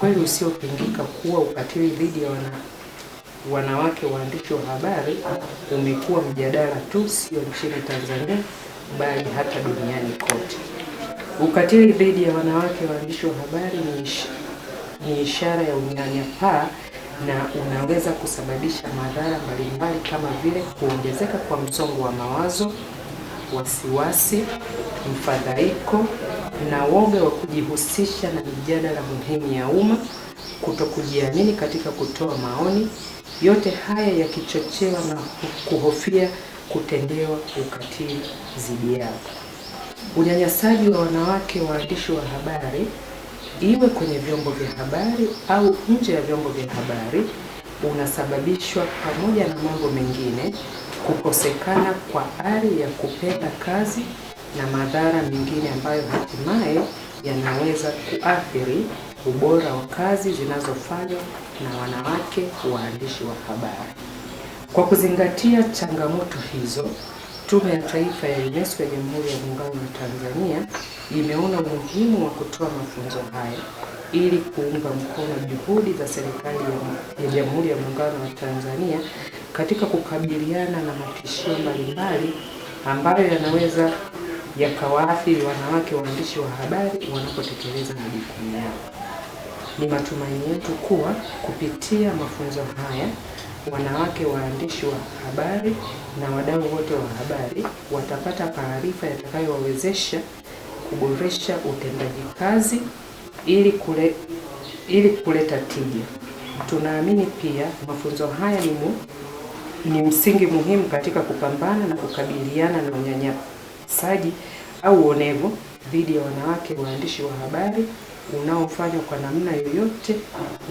ukweli usiopingika kuwa ukatili dhidi ya wana, wanawake waandishi wa habari umekuwa mjadala tu, sio nchini Tanzania bali hata duniani kote. Ukatili dhidi ya wanawake waandishi wa habari ni, ish, ni ishara ya unyanyapaa na unaweza kusababisha madhara mbalimbali kama vile kuongezeka kwa msongo wa mawazo wasiwasi, mfadhaiko na woga wa kujihusisha na mijadala muhimu ya umma, kutokujiamini katika kutoa maoni. Yote haya yakichochewa na kuhofia kutendewa ukatili dhidi yao. Unyanyasaji wa wanawake waandishi wa habari, iwe kwenye vyombo vya habari au nje ya vyombo vya habari, unasababishwa pamoja na mambo mengine kukosekana kwa ari ya kupenda kazi na madhara mengine ambayo hatimaye yanaweza kuathiri ubora wa kazi zinazofanywa na wanawake waandishi wa habari. Kwa kuzingatia changamoto hizo, Tume ya Taifa ya UNESCO ya Jamhuri ya Muungano wa Tanzania imeona umuhimu wa kutoa mafunzo haya ili kuunga mkono juhudi za serikali ya Jamhuri ya Muungano wa Tanzania katika kukabiliana na matishio mbalimbali ambayo yanaweza yakawaathiri wanawake waandishi wa habari wanapotekeleza majukumu yao. Ni matumaini yetu kuwa kupitia mafunzo haya wanawake waandishi wa habari na wadau wote wa habari watapata taarifa yatakayowawezesha kuboresha utendaji kazi ili kule, ili kuleta tija. Tunaamini pia mafunzo haya ni ni msingi muhimu katika kupambana na kukabiliana na unyanyasaji au uonevu dhidi ya wanawake waandishi wa habari unaofanywa kwa namna yoyote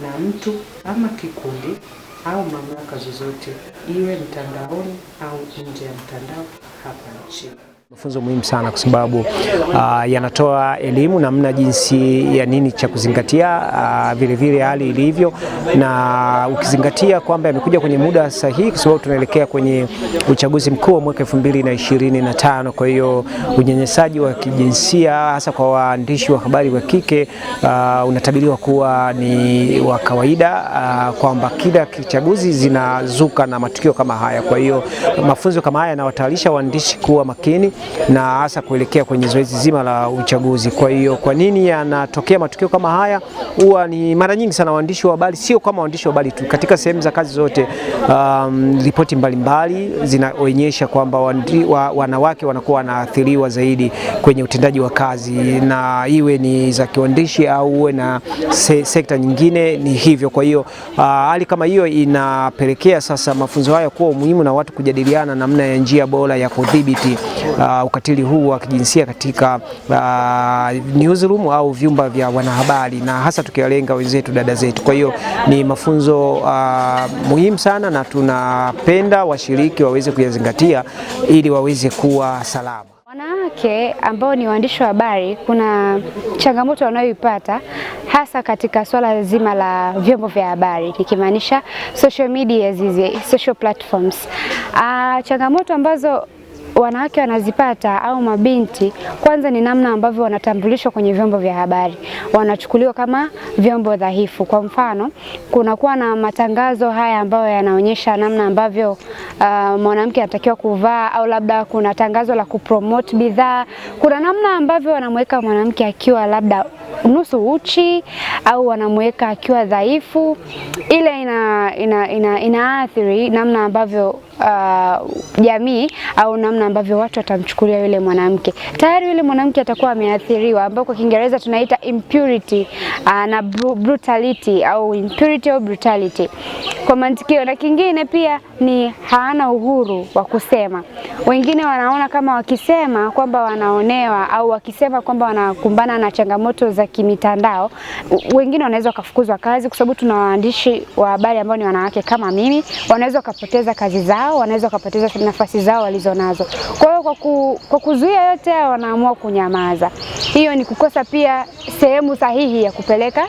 na mtu ama kikundi au mamlaka zozote, iwe mtandaoni au nje ya mtandao hapa nchini. Mafunzo muhimu sana kwa sababu uh, yanatoa elimu namna jinsi ya nini cha kuzingatia uh, vilevile hali ilivyo, na ukizingatia kwamba yamekuja kwenye muda sahihi, kwa sababu tunaelekea kwenye uchaguzi mkuu wa mwaka 2025. Kwa hiyo unyanyasaji wa kijinsia hasa kwa waandishi wa habari wa kike uh, unatabiriwa kuwa ni wa kawaida uh, kwamba kila kichaguzi zinazuka na matukio kama haya. Kwa hiyo mafunzo kama haya yanawatayarisha waandishi kuwa makini na hasa kuelekea kwenye zoezi zima la uchaguzi. Kwa hiyo kwa nini yanatokea matukio kama haya? Huwa ni mara nyingi sana waandishi wa habari, sio kama waandishi wa habari tu, katika sehemu za kazi zote, um, ripoti mbalimbali zinaonyesha kwamba wanawake wanakuwa wanaathiriwa zaidi kwenye utendaji wa kazi, na iwe ni za kiwandishi au uwe na se sekta nyingine, ni hivyo. Kwa hiyo uh, hali uh, kama hiyo inapelekea sasa mafunzo haya kuwa umuhimu na watu kujadiliana namna ya njia bora ya kudhibiti uh, uh, ukatili huu wa kijinsia katika uh, newsroom au vyumba vya wanahabari na hasa tukiwalenga wenzetu dada zetu. Kwa hiyo ni mafunzo uh, muhimu sana na tunapenda washiriki waweze kuyazingatia ili waweze kuwa salama. Wanawake ambao ni waandishi wa habari, kuna changamoto wanayoipata hasa katika swala zima la vyombo vya habari, nikimaanisha social media, social platforms. Ah, changamoto ambazo wanawake wanazipata au mabinti, kwanza ni namna ambavyo wanatambulishwa kwenye vyombo vya habari, wanachukuliwa kama vyombo dhaifu. Kwa mfano, kunakuwa na matangazo haya ambayo yanaonyesha namna ambavyo uh, mwanamke anatakiwa kuvaa, au labda kuna tangazo la kupromote bidhaa, kuna namna ambavyo wanamweka mwanamke akiwa labda nusu uchi au wanamweka akiwa dhaifu, ile ina, ina, ina, inaathiri namna ambavyo uh, jamii uh, au namna ambavyo watu watamchukulia yule mwanamke. Tayari yule mwanamke atakuwa ameathiriwa, ambao kwa Kiingereza tunaita impurity uh, na brutality au impurity au brutality kwa mantikio, na kingine pia ni haana uhuru wa kusema. Wengine wanaona kama wakisema kwamba wanaonewa au wakisema kwamba wanakumbana na changamoto za kimitandao, wengine wanaweza wakafukuzwa kazi, kwa sababu tuna waandishi wa habari ambao ni wanawake kama mimi, wanaweza wakapoteza kazi zao, wanaweza wakapoteza nafasi zao walizonazo. Kwa hiyo kwa, ku, kwa kuzuia yote haya wanaamua kunyamaza. Hiyo ni kukosa pia sehemu sahihi ya kupeleka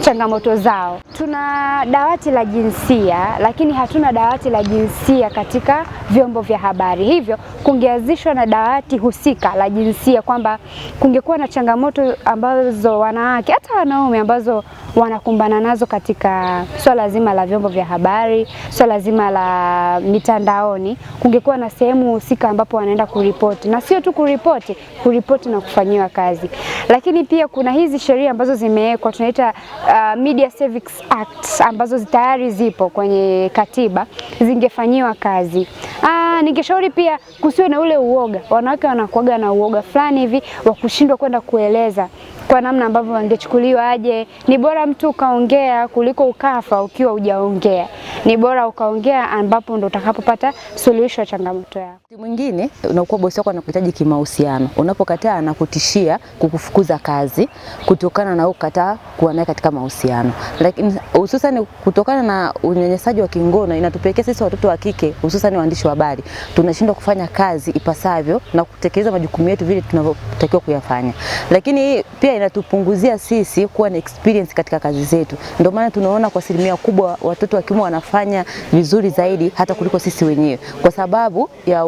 changamoto zao. Tuna dawati la jinsia, lakini hatuna dawati la jinsia katika vyombo vya habari, hivyo kungeanzishwa na dawati husika la jinsia, kwamba kungekuwa na changamoto ambazo wanawake hata wanaume ambazo wanakumbana nazo katika swala zima la vyombo vya habari, swala zima la mitandaoni, kungekuwa na sehemu husika ambapo wanaenda kuripoti, na sio tu kuripoti, kuripoti na kufanyiwa kazi. Lakini pia kuna hizi sheria ambazo zimewekwa tunaita uh, Media Civics Act ambazo tayari zipo kwenye katiba, zingefanyiwa kazi. Ah, ningeshauri pia kusiwe na ule uoga. Wanawake wanakuaga na uoga fulani hivi wa kushindwa kwenda kueleza kwa namna ambavyo wangechukuliwa aje, ni bora bora mtu ukaongea kuliko ukafa ukiwa hujaongea. Ni bora ukaongea, ambapo ndo utakapopata suluhisho ya changamoto yako. Mwingine unakuwa bosi wako anakuhitaji kimahusiano, unapokataa anakutishia kukufukuza kazi kutokana na ukataa kuwa naye katika mahusiano, lakini hususan kutokana na unyanyasaji wa kingono inatupelekea sisi watoto wa kike, hususan waandishi wa habari, tunashindwa kufanya kazi ipasavyo na kutekeleza majukumu yetu vile tunavyotakiwa kuyafanya, lakini pia inatupunguzia sisi kuwa na experience katika katika kazi zetu. Ndio maana tunaona kwa asilimia kubwa watoto wa kiume wanafanya vizuri zaidi hata kuliko sisi wenyewe kwa sababu ya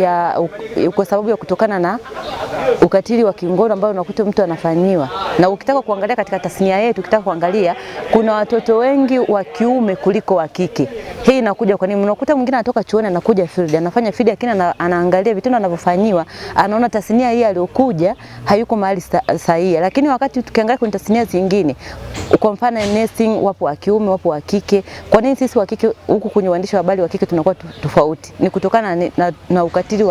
ya kwa sababu ya kutokana na ukatili wa kingono ambao unakuta mtu anafanyiwa. Na ukitaka kuangalia katika tasnia yetu, ukitaka kuangalia kuna watoto wengi wa kiume kuliko wa kike. Hii inakuja kwa nini? Unakuta mwingine anatoka chuoni anakuja field, anafanya field lakini anaangalia vitendo anavyofanyiwa, anaona tasnia hii aliyokuja hayuko mahali sahihi. Lakini wakati tukiangalia kwenye tasnia zingine, kwa mfano nursing, wapo wa kiume, wapo wa kike. Kwa nini sisi wa kike huku kwenye uandishi wa habari wa kike tunakuwa tofauti? Ni kutokana na, na, na ukatili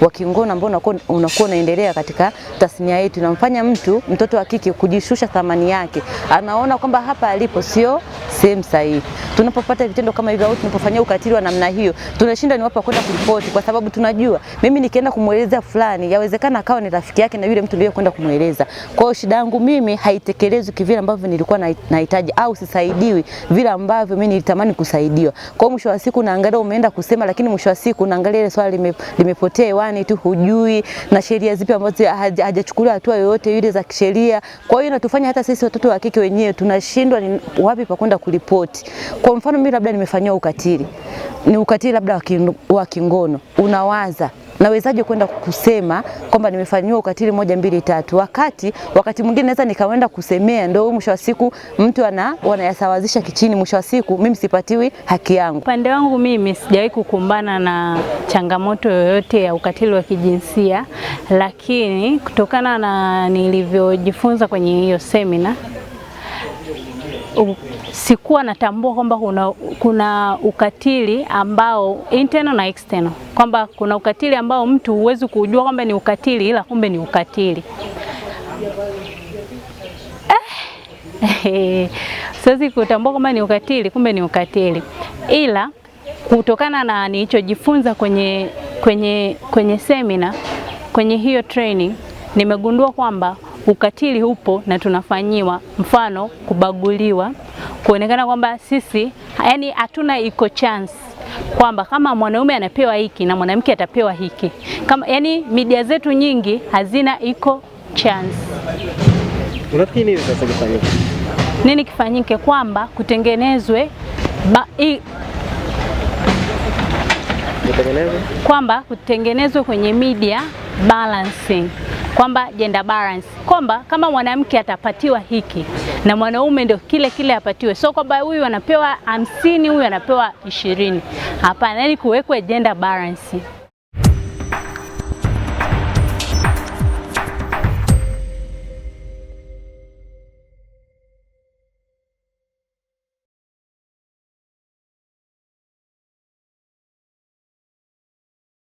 wa kingono ambao unakuwa unaendelea katika tasnia yetu, inamfanya mtu mtoto wa kike kujishusha thamani yake, anaona kwamba hapa alipo sio sehemu sahihi. Tunapopata vitendo kama hivyo au tunapofanyia ukatili wa namna hiyo, tunashinda ni wapi kwenda kuripoti, kwa sababu tunajua mimi nikienda kumweleza fulani, yawezekana akawa ni rafiki yake na yule mtu ndiye kwenda kumweleza. Kwa hiyo shida yangu mimi haitekelezwi kivile ambavyo nilikuwa nahitaji, au sisaidiwi vile ambavyo mimi nilitamani kusaidiwa. Kwa hiyo mwisho wa siku naangalia umeenda kusema, lakini mwisho wa siku naangalia ile swali lime, limepotea hewani tu, hujui na sheria zipi ambazo hajachukuliwa hatua yoyote ile za kisheria. Kwa hiyo inatufanya hata sisi watoto wa kike wenyewe tunashindwa ni wapi pa kwenda kuripoti. Kwa mfano mimi labda nimefanyia ukatili, ni ukatili labda wa kingono, unawaza nawezaje kwenda kusema kwamba nimefanyiwa ukatili moja mbili tatu, wakati wakati mwingine naweza nikaenda kusemea, ndio mwisho wa siku mtu ana wanayasawazisha kichini, mwisho wa siku mimi sipatiwi haki yangu. Upande wangu mimi sijawahi kukumbana na changamoto yoyote ya ukatili wa kijinsia, lakini kutokana na nilivyojifunza kwenye hiyo semina sikuwa natambua kwamba kuna, kuna ukatili ambao internal na external, kwamba kuna ukatili ambao mtu huwezi kujua kwamba ni ukatili, ila kumbe ni ukatili eh. Siwezi kutambua kwamba ni ukatili, kumbe ni ukatili, ila kutokana na nilichojifunza kwenye, kwenye, kwenye semina, kwenye hiyo training nimegundua kwamba ukatili upo na tunafanyiwa, mfano kubaguliwa, kuonekana kwamba sisi yani hatuna iko chance kwamba kama mwanaume anapewa hiki na mwanamke atapewa hiki kama, yani media zetu nyingi hazina iko chance. Unafikiri nini sasa kifanyike? Nini kifanyike? Kwamba kutengenezwe ba, i, kwamba kutengenezwe kwenye media balancing kwamba gender balance, kwamba kama mwanamke atapatiwa hiki na mwanaume ndio kile kile apatiwe, so kwamba huyu anapewa hamsini huyu anapewa ishirini. Hapana, yani kuwekwe gender balance.